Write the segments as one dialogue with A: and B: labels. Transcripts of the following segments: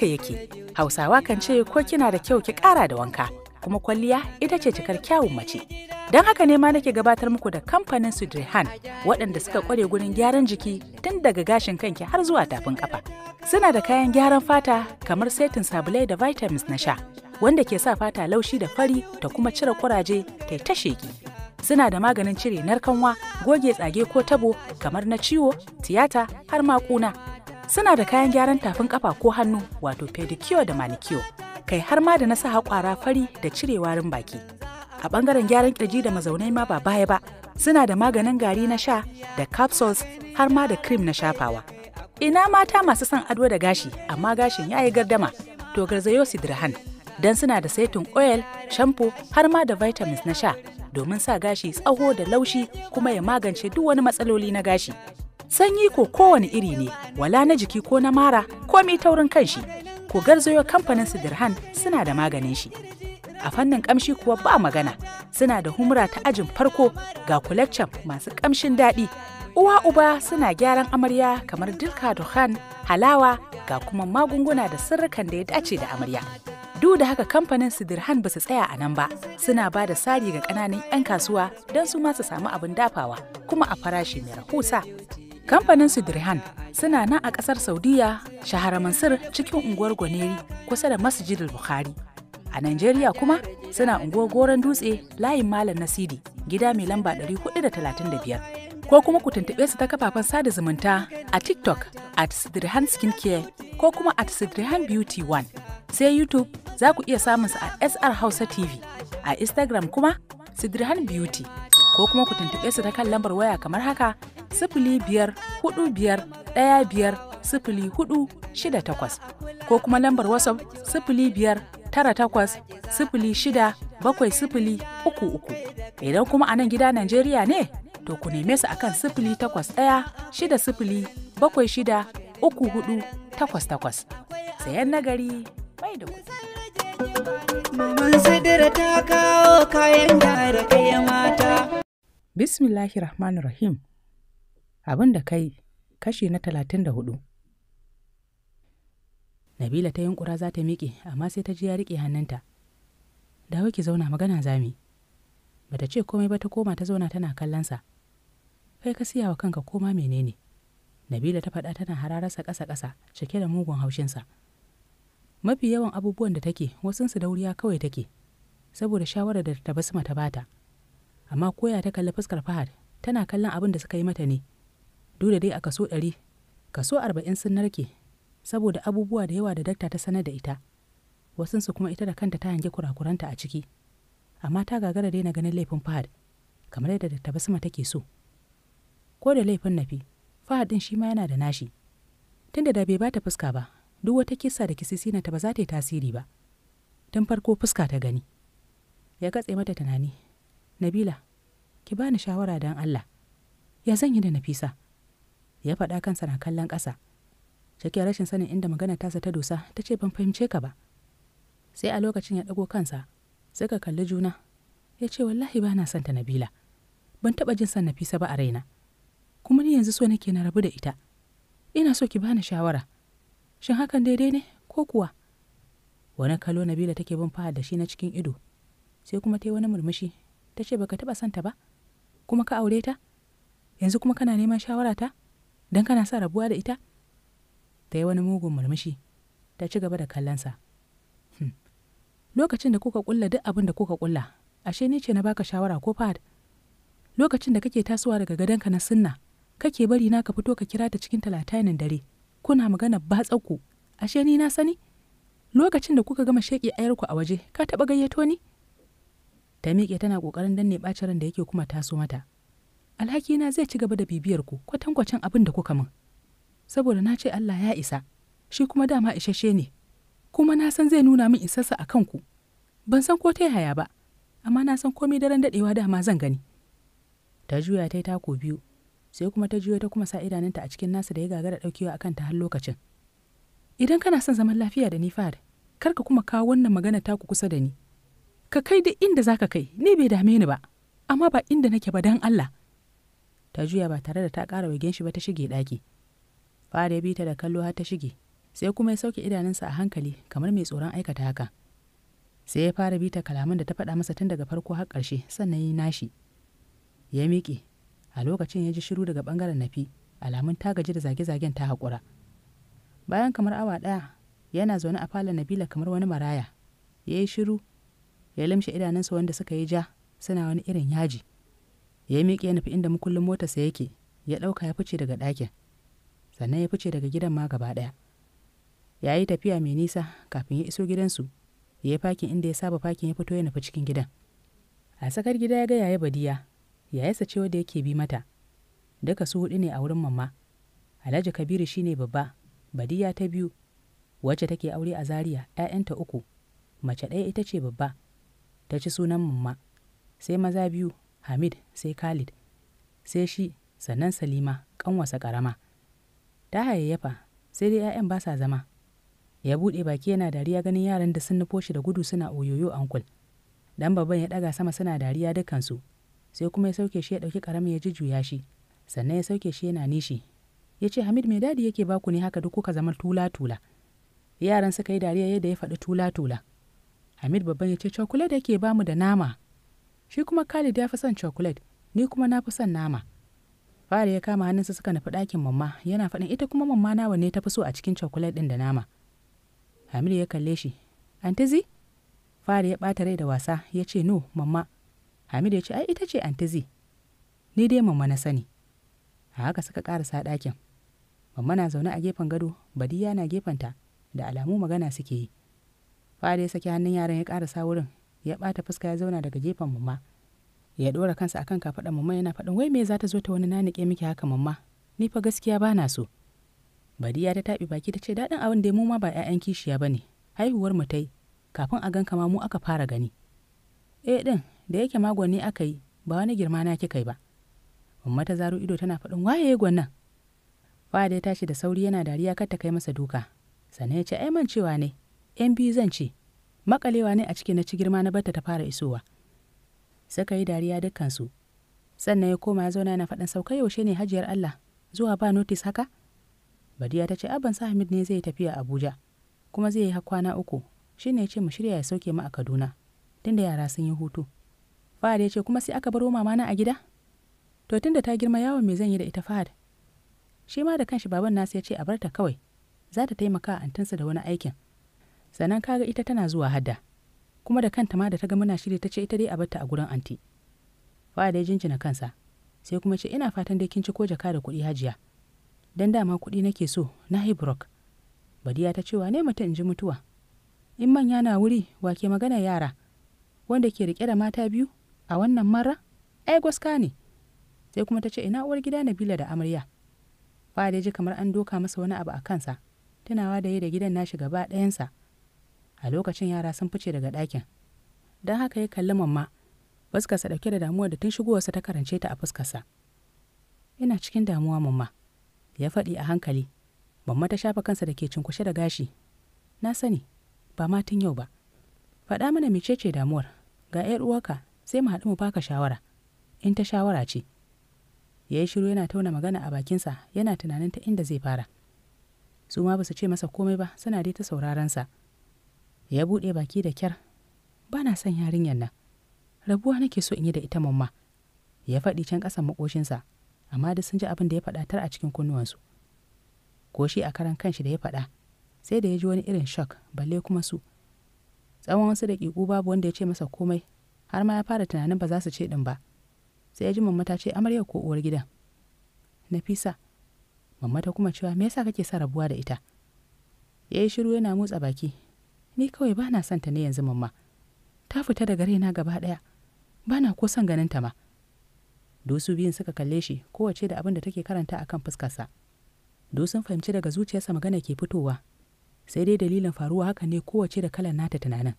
A: haka yake hausawa kan ce ko kina da kyau ki ƙara da wanka kuma kwalliya ita ce cikar kyawun mace don haka ne ma nake gabatar muku da kamfanin su Drehan waɗanda suka kware gurin gyaran jiki tun daga gashin kanki har zuwa tafin kafa suna da kayan gyaran fata kamar setin sabulai da vitamins na sha wanda ke sa fata laushi da fari ta kuma cire kuraje ta ta sheki suna da maganin cire narkanwa goge tsage ko tabo kamar na ciwo tiyata har ma kuna Suna da kayan gyaran tafin kafa ko hannu wato pedicure da manicure, kai har ma da na saha kwara fari da cire warin baki. A bangaren gyaran kirji da mazaunai ma ba baya ba, suna da maganin gari na sha da capsules har ma da cream na shafawa. Ina mata masu son ado da gashi, amma gashin ya yi gardama, to garzayo sidirhan. don suna da saitin oil, shampoo har ma da vitamins na sha domin sa gashi tsaho da laushi kuma ya magance duk wani matsaloli na gashi. sanyi ko kowane iri ne wala na jiki ko na mara ko komi taurin kanshi ko garzayo kamfanin sidirhan suna da maganin shi a fannin kamshi kuwa ba magana suna da humra ta ajin farko ga kulaccan masu kamshin daɗi uwa uba suna gyaran amarya kamar dilka duhan halawa ga kuma magunguna da sirrikan da ya dace da amarya duk da haka kamfanin sidirhan ba su tsaya a nan ba suna ba da sari ga ƙananan 'yan kasuwa don su ma su samu abin dafawa kuma a farashi mai rahusa Kamfanin Sidrihan suna nan a ƙasar Saudiya shahara Mansur cikin unguwar Gwaneri kusa da Masjidul Bukhari. A Najeriya kuma suna unguwar Goron Dutse layin Malam Nasidi gida mai lamba 435. Ko kuma ku tuntuɓe su ta kafafen sada zumunta a TikTok at Sidrihan Skincare ko kuma at Sidrihan Beauty One. Sai YouTube za ku iya samun su a SR Hausa TV. A Instagram kuma Sidrihan Beauty. Ko kuma ku tuntuɓe su ta kan lambar waya kamar haka sifili biyar hudu biyar ɗaya biyar sifili hudu shida takwas ko kuma lambar wasaf sifili biyar tara takwas sifili shida bakwai sifili uku uku idan kuma a nan gida najeriya ne to ku neme su akan sifili takwas ɗaya shida sifili bakwai shida uku hudu takwas takwas sayan nagari bai da kuɗi. Maman Sidira ta kawo abin da kai kashi na talatin da hudu nabila ta yunkura za ta miƙe amma sai ta ji ya riƙe hannunta dawo ki zauna magana zami bata ce komai ba ta koma ta zauna tana kallonsa kai ka siya wa kanka koma menene nabila ta faɗa tana hararsa ƙasa-ƙasa cike da mugun haushinsa mafi yawan abubuwan da take wasunsu da wuriya kawai take saboda shawarar da ta basma ta bata amma koya ta kalli fuskar fahad tana kallon abin da suka yi mata ne duk dai a kaso ɗari kaso arba'in sun narke saboda abubuwa da yawa da dakta ta sanar da ita wasunsu kuma ita da kanta ta hange kurakuranta a ciki amma ta gagara daina ganin laifin fahad kamar yadda dakta basma ke so ko da laifin nafi fahad din shi ma yana da nashi tunda da bai bata fuska ba duk wata kisa da kisisina ta ba za ta yi tasiri ba tun farko fuska ta gani ya katse mata tunani nabila ki bani shawara don allah ya zan yi da nafisa ya faɗa kansa na kallon ƙasa cikin rashin sanin inda magana tasa ta dosa ta ce ban fahimce ka ba sai a lokacin ya ɗago kansa suka kalli juna ya ce wallahi ba na son ta nabila ban taɓa jin san nafisa ba a raina kuma ni yanzu so nake na rabu da ita ina so ki bani shawara shin hakan daidai ne ko kuwa wani kalo nabila take bin fahar da shi na cikin ido sai kuma ta yi wani murmushi ta ce baka taɓa son ta ba kuma ka aure ta yanzu kuma kana neman shawara ta don kana sa rabuwa da ita ta yi wani mugun murmushi ta ci gaba da kallonsa hmm, lokacin da kuka kulla duk abin da kuka kulla ashe ni ce na baka shawara ko fahad lokacin da kake tasowa daga gadonka na sunna kake bari na ka fito ka kira ta cikin talatinin dare kuna magana batsakku ashe ni na sani lokacin da kuka gama sheƙi ayarku a waje ka taɓa gayyato ni ta miƙe tana ƙoƙarin danne ɓacin ran da yake kuma taso mata alhakina zai ci gaba da bibiyar ku kwatankwacin abin da kuka min saboda na ce Allah ya isa shi kuma dama isasshe ne kuma na san zai nuna min isarsa a kanku ban san ko ta yaya ba amma na san komai daren daɗewa dama zan gani ta juya ta yi tako biyu sai kuma ta juya ta kuma sa idanunta a cikin nasa da ya gagara ɗaukewa akan ta har lokacin idan kana son zaman lafiya da ni fad kar ka kuma kawo wannan magana taku kusa da ni ka kai duk inda ka kai ni bai dame ni ba amma ba inda nake ba dan Allah ta juya ba tare da ta ƙara wagen shi ba ta shige ɗaki fara ya bi ta da kallo har ta shige sai kuma ya sauke idanunsa a hankali kamar mai tsoron aikata haka sai ya fara bi ta kalaman da ta faɗa masa tun daga farko har ƙarshe sannan ya yi nashi ya miƙe a lokacin ya ji shiru daga ɓangaren nafi alamun ta gaji da zage-zagen ta haƙura bayan kamar awa ɗaya yana zaune a falon nabila kamar wani maraya ya yi shiru ya limshe idanunsa wanda suka yi ja suna wani irin yaji ya miƙe ya nufi inda mukullin motarsa yake ya ɗauka ya fice daga ɗakin sannan ya fice daga gidan ma gaba ɗaya ya yi tafiya mai nisa kafin ya iso gidansu ya yi fakin inda ya saba fakin ya fito ya nufi cikin gidan a sakar gida ya ga yaya badiya ya yasa cewa da yake bi mata duka su huɗu ne a wurin mamma alhaji kabiru shine babba badiya ta biyu wacce take aure a zaria 'ya'yanta uku mace ɗaya ita ce babba ta ci sunan mamma sai maza biyu hamid sai khalid sai shi sannan salima ƙanwasa karama. ta hayayyafa sai dai 'ya'yan ba sa zama ya buɗe baki yana dariya ganin yaran da sun nufo shi da gudu suna oyoyo ankul dan babban ya ɗaga sama suna dariya dukansu sai kuma ya sauke shi ya ɗauki ƙarami ya jujjuya shi sannan ya sauke shi yana nishi ya ce hamid mai dadi yake baku ne haka duk kuka zama tula-tula yaran suka yi dariya yadda ya faɗi tula-tula hamid babban ya ce cokula da ke bamu da nama shi kuma Khalid ya fi son chocolate ni kuma na fi son nama fari ya kama hannunsa suka nufi ɗakin mamma yana faɗin ita kuma mamma nawa ne ta fi so a cikin chocolate ɗin da nama Hamidu ya kalle shi antizi fari ya ɓata rai da wasa ya ce no mamma Hamidu ya ce ai ita ce antizi ni dai mamma na sani a haka suka ƙarasa ɗakin mamma na zaune a gefen gado badiya na gefenta da alamu magana suke yi fari ya saki hannun yaran ya ƙarasa wurin ya ɓata fuska ya zauna daga gefen mamma. ya ɗora kansa akan kafaɗa mamma yana faɗin wai me za ta zo ta wani nanike miki haka mamma? ni fa gaskiya ba na so badiya ta taɓi baki ta ce daɗin abin da mu ma ba 'ya'yan kishiya ba ne haihuwar mu ta kafin a gan kama mu aka fara gani eh ɗin da yake magwani aka yi ba wani girma na kika yi ba mamma ta zaro ido tana faɗin waye gwannan Fada ya tashi da sauri yana dariya kar ta kai masa duka. Sannan ya ce, "Ai man cewa ne, ‘yan biyu zan ce, makalewa ne a ciki na ci girma na bata ta fara isowa suka yi dariya dukkansu sannan ya koma ya zauna yana faɗin sauka yaushe ne hajiyar Allah zuwa ba notis haka Badiya ta ce aban sa Hamid ne zai tafiya Abuja kuma zai yi kwana uku shine ya ce mu shirya ya sauke mu a Kaduna tunda yara sun yi hutu Fahad ya ce kuma sai aka baro mamana na a gida to tunda ta girma yawon me zan yi da ita Fahad shi ma da kanshi baban nasu ya ce a barta kawai za ta taimaka antinsa da wani aikin sannan kaga ita tana zuwa hada kuma da kanta ma da ta ga muna shiri ta ce ita dai a batta a gurin anti fa dai jinjina kansa sai kuma ce ina fatan dai kin ci ko jaka da kuɗi hajiya dan dama kuɗi nake so na hebrok badiya ta cewa ne mutum in ji mutuwa in manya na wuri wake magana yara wanda ke rike da mata biyu a wannan mara ai gwaska ne sai kuma ta ce ina uwar gida nabila da amarya fa dai ji kamar an doka masa wani abu a kansa tunawa da yi da gidan nashi gaba ɗayansa a lokacin yara sun fice daga ɗakin don haka ya kalli mamma fuskarsa ɗauke da damuwar da tun shigowarsa ta karance ta a fuskarsa ina cikin damuwa mamma ya faɗi a hankali mamma ta shafa kansa da ke cinkushe da gashi na sani ba ma tun yau ba faɗa mana mecece damuwar ga 'yar uwarka sai mu haɗu mu baka shawara in ta shawara ce ya yi shiru yana tauna magana a bakinsa yana tunanin ta inda zai fara su ma ba su ce masa komai ba suna dai ta saurarensa sa ya buɗe baki da kyar ba na son yarinyar nan rabuwa nake so in yi da ita mamma ya faɗi can ƙasan makoshinsa amma da sun ji abin da ya faɗa tar a cikin kunnuwansu ko shi a karan kanshi da ya faɗa sai da ya ji wani irin shock balle kuma su tsawon wasu daƙiƙu babu wanda ya ce masa komai har ma ya fara tunanin ba za su ce ɗin ba sai ya ji mamma ta ce amarya ko uwar gidan nafisa mamma ta kuma cewa me yasa kake sa rabuwa da ita ya yi shiru yana motsa baki ni kawai ba na santa ne yanzu mamma ta fita daga raina gaba ɗaya ba na ko son ganin ta ma dosu biyun suka kalle shi kowace da abin da take karanta a kan fuskarsa dosun fahimci daga zuciyarsa magana ke fitowa sai dai dalilin faruwa haka ne kowace da kalan nata tunanin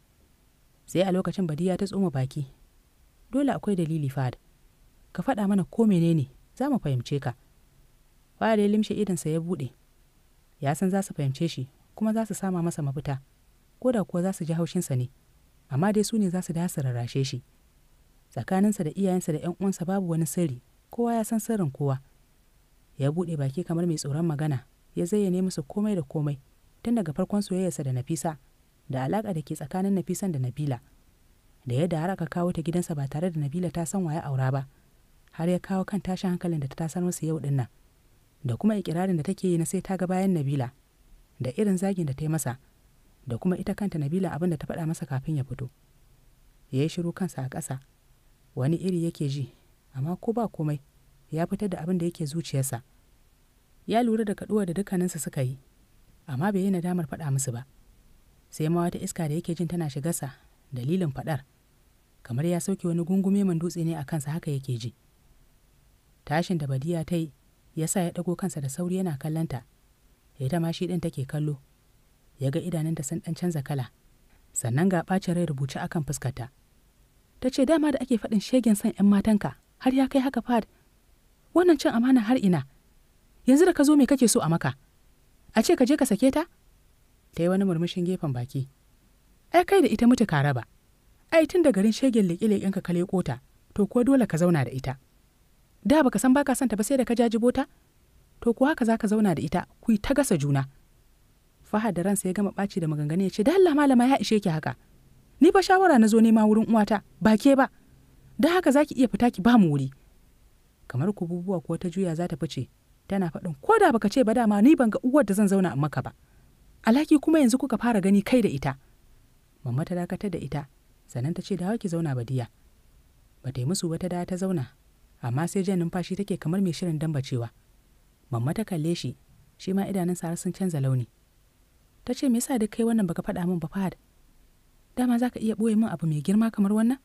A: sai a lokacin badiya ta tsoma baki dole akwai dalili fad ka faɗa mana ko menene za mu fahimce ka fad ya limshe idansa ya buɗe ya san za su fahimce shi kuma za su sama masa mafita ko da kuwa za su ji haushinsa ne amma dai su ne za su da su rarrashe shi tsakaninsa da iyayensa da 'yan uwansa babu wani sirri kowa ya san sirrin kowa ya buɗe baki kamar mai tsoron magana ya zayyane musu komai da komai tun daga farkon soyayyarsa da nafisa da alaƙa da ke tsakanin nafisan da nabila da yadda har aka kawo ta gidansa ba tare da nabila ta san waya aura ba har ya kawo kan tashin hankalin da ta san masa yau dinnan da kuma ikirarin da take yi na sai ta ga bayan nabila da irin zagin da ta yi masa da kuma ita kanta nabila abin da ta faɗa masa kafin ya fito ya yi shiru kansa a ƙasa wani iri yake ji amma ko ba komai ya fitar da abin da yake zuciyarsa ya lura da kaɗuwa da dukkaninsa suka yi amma bai yi nadamar faɗa musu ba sai ma wata iska da yake jin tana shigarsa dalilin faɗar kamar ya sauke wani gungume man dutse ne a kansa haka yake ji tashin da badiya ta yi ya sa ya ɗago kansa da sauri yana kallanta ita ma shi ɗin take kallo ya ga idanunta sun ɗan canza kala sannan ga ɓacin rai rubuce akan fuskarta ta ce dama da ake faɗin shegen son 'yan matanka har ya kai haka fad wannan cin amana har ina yanzu da ka zo me kake so a maka a ce ka je ka sake ta ta yi wani murmushin gefen baki ai kai da ita mutu ka raba ai tun da garin shegen leƙe-leƙen ka leƙo ta to kuwa dole ka zauna da ita da baka san baka son ta ba sai da ka jajibo ta to kuwa haka za ka zauna da ita ku ta gasa juna fahad da ransa ya gama ɓaci da maganganu ya ce da Allah malama ya ishe ki haka ni fa shawara na zo nema wurin uwata ba ke ba da haka za ki iya fita ki ba mu wuri kamar kububuwa ko ta juya za ta fice tana faɗin ko da baka ce ba dama ni ban ga uwar da zan zauna a maka ba alhaki kuma yanzu kuka fara gani kai da ita mamma ta dakatar da ita sannan ta ce dawo ki zauna badiya ba ta yi musu wata da ta zauna amma sai jan numfashi take kamar mai shirin dambacewa mamma ta kalle shi shi ma idanun sara sun canza launi ta ce me yasa duk kai wannan baka faɗa min ba fahad dama zaka iya ɓoye min abu mai girma kamar wannan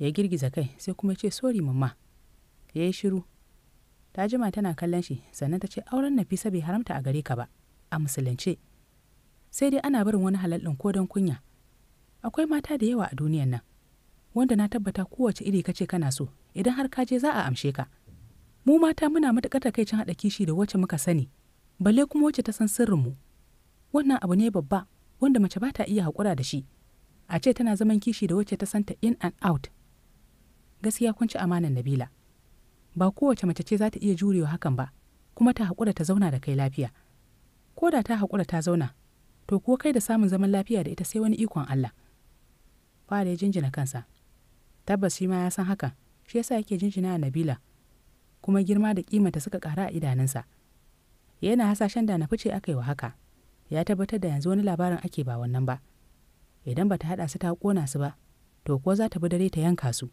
A: ya girgiza kai sai kuma ce sori mamma ya yi shiru ta jima tana kallon shi sannan ta ce auren nafisa bai haramta a gare ka ba a musulunce sai dai ana barin wani halal ɗin ko don kunya akwai mata da yawa a duniyan nan wanda na tabbata kowace iri kace kana so idan har ka je za a amshe ka mu mata muna matuƙar takaicin haɗa kishi da wacce muka sani balle kuma wacce ta san sirrinmu mu wannan abu ne babba wanda mace ba ta iya haƙura da shi a ce tana zaman kishi da wacce ta santa in and out gaskiya kun ci amanan nabila ba kowace mace ce za ta iya jurewa hakan ba kuma ta haƙura ta zauna da kai lafiya ko da ta haƙura ta zauna to kuwa kai da samun zaman lafiya da ita sai wani ikon Allah fara ya jinjina kansa tabbas shi ma ya san hakan shi yasa yake jinjina a Nabila kuma girma da kimanta suka ƙara a idanunsa yana hasashen da na fice aka yi wa haka ya tabbatar da yanzu wani labarin ake ba wannan ba idan ba ta haɗa su ta kona su ba to kuwa za ta bi dare ta yanka su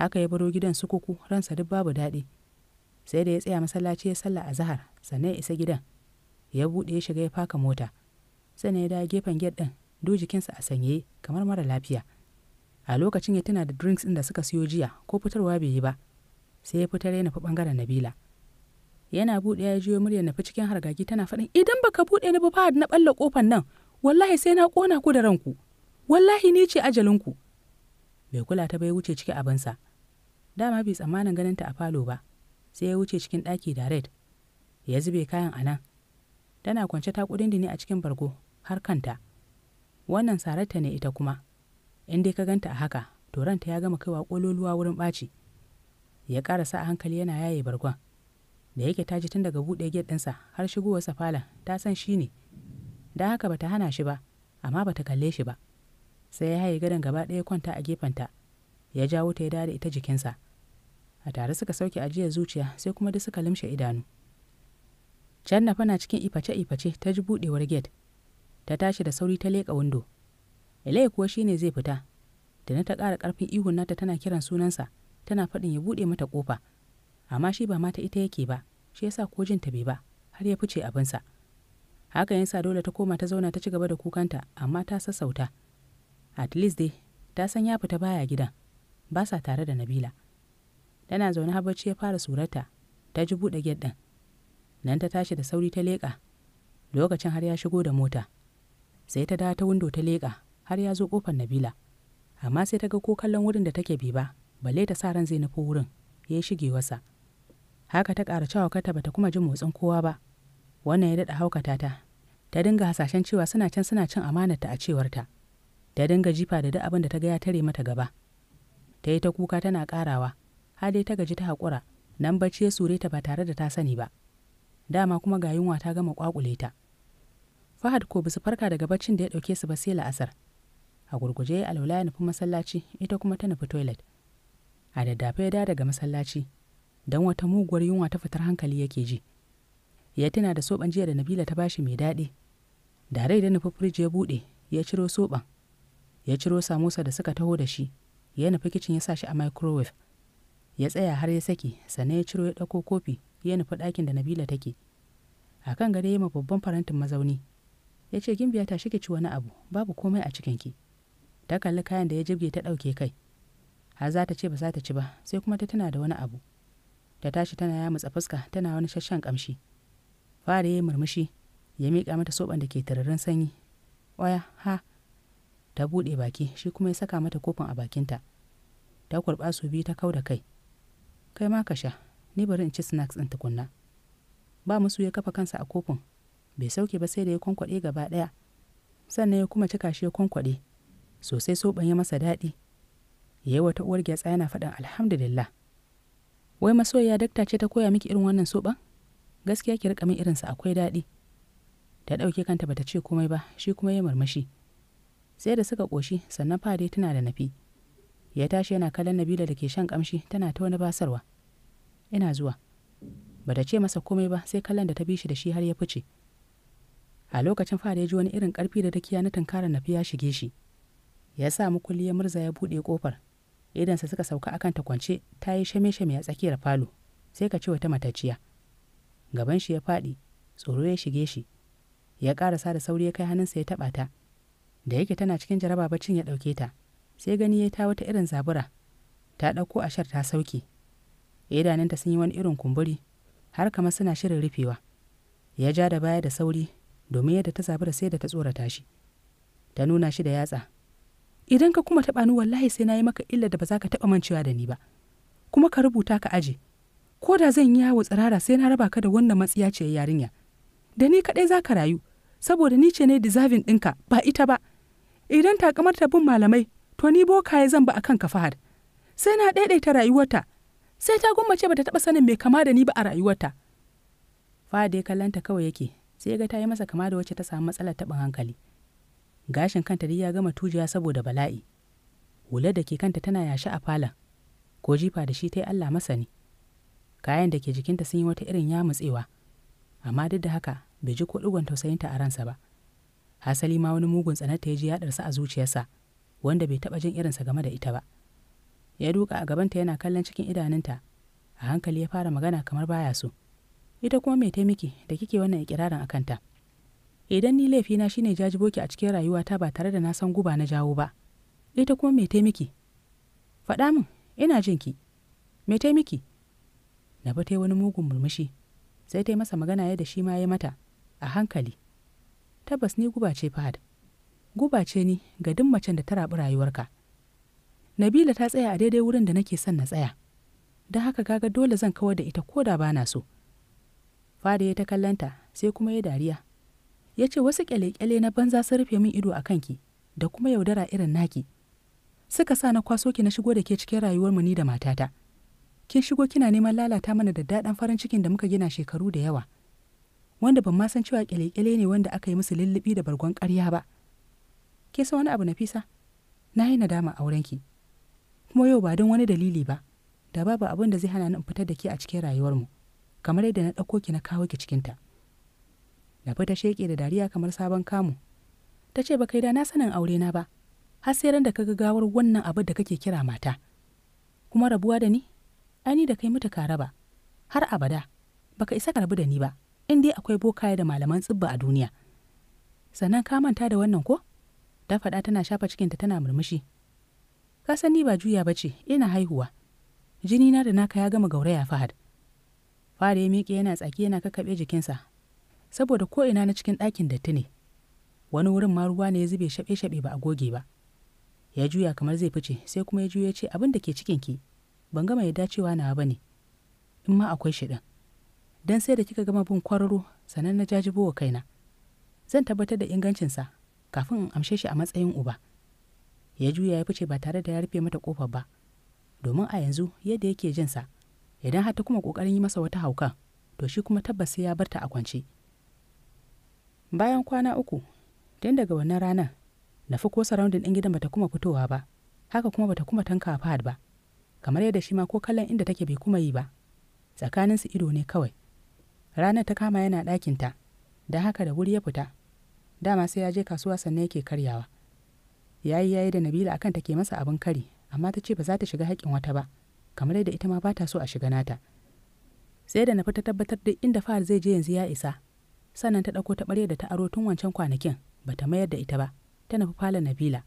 A: haka ya baro gidan su kuku ransa duk babu daɗi sai da ya tsaya masallaci ya sallah azahar sannan ya isa gidan ya buɗe ya shiga ya faka mota sannan ya dawo gefen gate ɗin du jikinsa a sanye kamar mara lafiya a lokacin ya tuna da drinks ɗin da suka siyo jiya ko fitarwa bai yi ba sai ya fitar ya nufi ɓangaren nabila yana buɗe ya jiyo murya nufi cikin hargagi tana faɗin idan baka buɗe ni ba fa na ɓalla kofan nan wallahi sai na ƙona ku da ranku wallahi ni ce ajalinku bai kula ta bai wuce ciki abinsa dama bai tsammanin ganin ta a falo ba sai ya wuce cikin ɗaki da red ya zube kayan a nan tana kwance ta kudin dini a cikin bargo har kanta wannan sararta ne ita kuma in dai ka ganta a haka to ranta ya gama kaiwa kololuwa wurin ɓaci ya ƙarasa a hankali yana yaye bargon da yake ta ji tun daga buɗe gate ɗinsa har shigowarsa falon ta san shi ne da haka bata hana shi ba amma bata kalle shi ba sai ya haye gadon gaba ɗaya kwanta a gefenta ya jawo ta ya dawo da ita jikinsa a tare suka sauke ajiyar zuciya sai kuma duk suka limshe idanu can na fana cikin iface-iface ta ji buɗewar gate ta tashi da sauri ta leƙa windo ilai kuwa shi ne zai fita da na ta ƙara ƙarfin ihun nata tana kiran sunansa tana faɗin ya buɗe mata ƙofa amma shi ba mata ita yake ba shi yasa ko jinta bai ba har ya fice abinsa haka yasa dole ta koma ta zauna ta ci gaba da kukanta amma ta sassauta at least dai ta san ya fita baya gidan ba sa tare da nabila tana zaune har bacci ya fara surata ta ji buɗe gate ɗin nan ta tashi da sauri ta leƙa lokacin har ya shigo da mota sai ta dawo ta wundo ta leƙa har ya zo ƙofar nabila amma sai ta ga ko kallon wurin da take bi ba balle ta sa ran zai nufo wurin ya yi shigewarsa haka ta ƙara cewa kanta bata kuma jin motsin kowa ba wannan ya daɗa haukata ta ta dinga hasashen cewa suna can suna cin amanarta a cewarta ta dinga jifa da duk abin da ta ga ya tare mata gaba ta yi ta kuka tana ƙarawa har dai ta gaji ta haƙura nan bacci ya sure ta ba tare da ta sani ba dama kuma ga yunwa ta gama ƙwaƙule ta Fahad ko bisu farka daga baccin da ya ɗauke su ba sai la'asar a gurguje alwala ya nufi masallaci ita kuma ta nufi toilet a daddafe ya dawo daga masallaci don wata muguwar yunwa ta fitar hankali yake ji ya tuna da soban jiya da nabila ta bashi mai daɗi da rai da nufi firji ya buɗe ya ciro soban ya ciro samosa da suka taho da shi ya nufi kicin ya sa shi a microwave ya tsaya har ya saki sannan ya ciro ya ɗauko kofi ya nufi ɗakin da nabila take a kan gare ya ma babban farantin mazauni ya ce gimbiya ta shike ci wani abu babu komai a cikinki ta kalli kayan da ya jibge ta ɗauke kai har za ta ce ba za ta ci ba sai kuma ta tuna da wani abu ta tashi tana ya matsa fuska tana wani shashan kamshi fara yi murmushi ya miƙa mata soban da ke tararin sanyi waya ha ta buɗe baki shi kuma ya saka mata kofin a bakinta ta kurɓa su biyu ta kau da kai kai ma ka sha ni bari in ci snacks ɗin tukunna ba musu ya kafa kansa a kofin bai sauke ba sai da ya kwankwaɗe gaba ɗaya sannan ya kuma cika shi ya kwankwaɗe sosai soban ya masa daɗi ya yi wata uwar gyatsa yana faɗin alhamdulillah wai masoyiya dakta ce ta koya miki irin wannan soɓan gaskiya ki rika min irinsa akwai daɗi ta ɗauke kanta bata ce komai ba shi kuma ya murmushi sai da suka koshi sannan fade tana da nafi ya tashi yana kallon nabila da ke shan ƙamshi tana ta wani basarwa ina zuwa bata ce masa komai ba sai kallon da ta bi shi da shi har ya fice a lokacin fada ya ji wani irin karfi da dakiya na tunkarar nafi ya shige shi ya sa mukulli ya murza ya buɗe kofar. idansa suka sauka akan ta kwance ta yi shame-shame a tsakiyar falo sai ka ce wata mataciya gaban shi ya faɗi tsoro ya shige shi ya ƙarasa da sauri ya kai hannunsa ya taɓa ta da yake tana cikin jaraba baccin ya ɗauke ta sai gani ya ta wata irin zabura ta ɗauko a shar ta sauke idanunta sun yi wani irin kumburi har kamar suna shirin rufewa ya ja da baya da sauri domin yadda ta zabura sai da ta tsorata shi ta nuna shi da yatsa idan ka kuma taɓa ni wallahi sai na yi maka illa da ba za ka taɓa mancewa da ni ba kuma ka rubuta ka aje ko da zan yi yawo tsirara sai na raba ka da wannan matsiya ce yarinya da ni kaɗai za ka rayu saboda ni ce ne deserving ɗinka ba ita ba idan takamar ta bin malamai to ni boka ya zan ba a kan ka fahad sai na ɗaiɗaita rayuwarta sai ta gwammace ba ta taɓa sanin mai kama da ni ba a rayuwarta fahad ya kallanta kawai yake sai ya ga ta yi masa kama da wacce ta samu matsalar taɓin hankali gashin kanta dai ya gama tujiya saboda bala'i hular da ke kanta tana yashi a falon ko jifa da shi ta yi allah masani kayan da ke jikinta sun yi wata irin ya mutsewa. amma duk da haka bai ji ko ɗigon tausayinta a ransa ba hasali ma wani mugun tsanarta ya ji ya ɗarsa a zuciyarsa wanda bai taɓa jin irinsa game da ita ba ya duka a gabanta yana kallon cikin idanunta a hankali ya fara magana kamar baya so ita kuma mai taimaki da kike wannan ikirarin a kanta idan ni laifina shine jajiboki a cikin rayuwata ba tare da na san guba na jawo ba ita kuma mai taimaki faɗa min ina jin ki me taimaki na ba ta yi wani mugun murmushi sai ta yi masa magana yadda shi ma ya mata a hankali tabbas ni guba ce fahad guba ce ni ga duk macen da ta rabu rayuwarka nabila ta tsaya a daidai wurin da nake son na tsaya don haka kaga dole zan kawar da ita ko da ba na so fada ya ta kallanta sai kuma ya dariya ya ce wasu kyale-kyale na banza sun rufe min ido a kanki da kuma yaudara irin naki suka sa na kwaso ki na shigo da ke cikin rayuwarmu ni da matata kin shigo kina neman lalata mana da daɗin farin cikin da muka gina shekaru da yawa wanda ban ma san cewa kyale-kyale ne wanda aka yi musu lullubi da bargon ƙarya ba ke san wani abu na, nafisa na yi nadama aurenki kuma yau ba don wani dalili ba da babu abin da zai hana ni in fitar da ke a cikin rayuwarmu kamar yadda na ɗauko ki na kawo ki cikinta Labe ta sheƙe da dariya kamar sabon kamu. Ta ce ba kai da na sanin aure na ba, har sai ran da kaga gawar wannan abu da kake kira mata. Kuma rabuwa da ni? Ai ni da kai mutu ka raba. Har abada, baka isa ka rabu da ni ba, in dai akwai bokaye da malaman tsibba a duniya. Sannan ka manta da wannan ko? Ta faɗa tana shafa cikinta tana murmushi. Ka san ni ba juya ba ce, ina haihuwa. Jini na da naka ya gama gauraya Fahad. Fahad ya miƙe yana tsaki yana kakkaɓe jikinsa, saboda ko ina na cikin ɗakin datti ne wani wurin ma ruwa ne ya zube shaɓe-shaɓe ba a goge ba ya juya kamar zai fice sai kuma ya juya ce abin da ke cikinki ban gama yadda cewa na ba ne in ma akwai shi ɗin don sai da kika gama bin kwararo sannan na jajibo wa kaina zan tabbatar da ingancinsa kafin in amshe shi a matsayin uba ya juya ya fice ba tare da ya rufe mata kofar ba domin a yanzu yadda yake jinsa idan har ta kuma kokarin yi masa wata hauka to shi kuma tabbas sai ya barta a kwance bayan kwana uku tun daga wannan ranar na fi ko saraundin ɗin gidan bata kuma fitowa ba haka kuma bata kuma tanka fahad ba kamar yadda shi ma ko kallon inda take bai kuma yi ba tsakanin su ido ne kawai ranar ta kama yana ɗakin ta don haka da wuri ya fita dama sai ya je kasuwa sannan yake karyawa Ya yi yayi da nabila akan take masa abin kari amma ta ce ba za ta shiga haƙƙin wata ba kamar yadda ita ma ba ta so a shiga nata sai da na ta tabbatar da inda fahad zai je yanzu ya isa sannan ta ɗauko taɓaryar da ta aro tun wancan kwanakin ba ta mayar da ita ba ta nufi falon nabila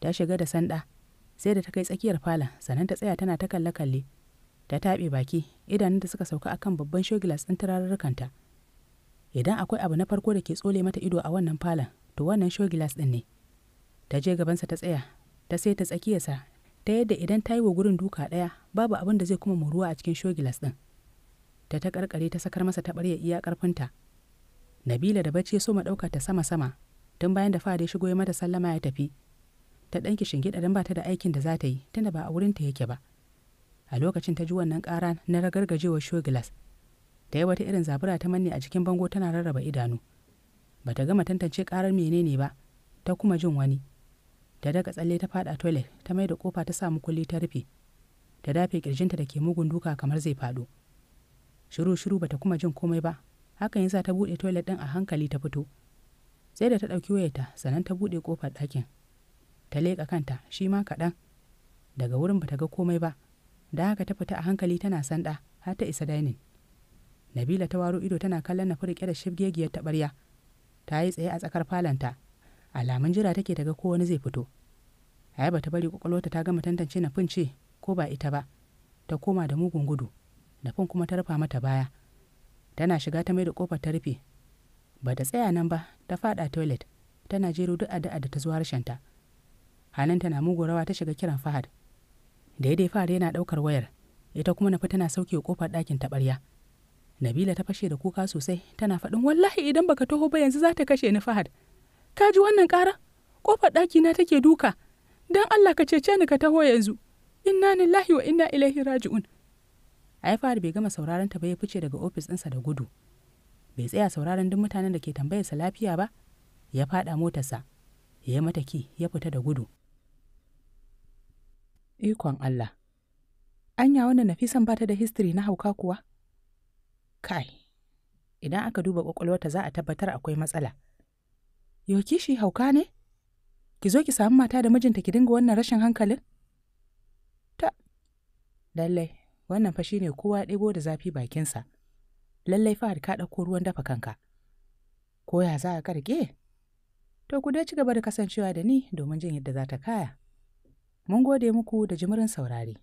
A: ta shiga da sanda sai da ta kai tsakiyar falon sannan ta tsaya tana ta kalle kalle ta taɓe baki idanun da suka sauka akan babban shogilas ɗin turarurrukanta idan akwai abu na farko da ke tsole mata ido a wannan falon to wannan shogilas ɗin ne ta je gabansa ta tsaya ta sai ta tsakiyarsa ta yadda idan ta yi wa gurin duka ɗaya babu abin da zai kuma muruwa a cikin shogilas ɗin ta ta karkare ta sakar masa taɓarya iya ƙarfinta nabila da bacci so ma ɗauka ta sama-sama tun bayan da fada ya shigo ya mata sallama ya tafi ta ɗanki shingiɗa don ba ta da aikin da za ta yi tunda ba a wurin ta yake ba a lokacin ta ji wannan ƙara na ragargajewar shogilas ta yi wata irin zabura ta manne a cikin bango tana rarraba idanu ba ta gama tantance ƙarar menene ba ta kuma jin wani ta daga tsalle ta faɗa toilet ta mai da ƙofa ta samu kulli ta rufe ta dafe ƙirjinta da ke mugun duka kamar zai faɗo shiru shiru ba ta kuma jin komai ba hakan yasa ta buɗe toilet ɗin a hankali ta fito sai da ta ɗauki wayarta sannan ta buɗe ƙofar ɗakin ta leƙa kanta shi ma kaɗan daga wurin bata ga komai ba da haka ta fita a hankali tana sanda har ta isa dainin nabila ta waro ido tana kallon na furke da shibgegiyar taɓarya ta yi tsaye a tsakar falanta alamun jira take ga ko wani zai fito ayaba bata bari kwakwalwarta ta gama tantance na fince ko ba ita ba ta koma da mugun gudu fin kuma ta rufa mata baya tana shiga ta mai da ƙofar ta rufe ba ta tsaya nan ba ta faɗa toilet tana jero duk addu'a da ta zuwa zo hanan ta na rawa ta shiga kiran fahad da ya fara yana ɗaukar wayar ita kuma nafi tana sauke kofar ɗakin taɓarya nabila ta fashe da kuka sosai tana faɗin wallahi idan baka taho ba yanzu za ta kashe ni fahad ka ji wannan ƙara ɗaki na take duka dan allah ka cece ni ka taho yanzu inna lillahi wa inna ilaihi raji'un ya bai gama sauraron ta ba ya fice daga ofis ɗinsa da gudu bai tsaya sauraron duk mutanen da ke tambayarsa lafiya ba ya faɗa motarsa ya yi mataki ya fita da gudu ikon Allah anya wannan nafisan ba ta da history na hauka kuwa kai idan aka duba kwakwalwata za a tabbatar akwai matsala yoki shi hauka ne ki zo ki samu mata da mijinta ki dinga wannan rashin hankalin ta lallai wannan fa shine kowa ɗebo da zafi bakinsa lallai fa ka ɗauko ruwan dafa kanka ko ya za ka rike to ku dai ci gaba da kasancewa da ni domin jin yadda za ta kaya mun gode muku da jimirin saurari.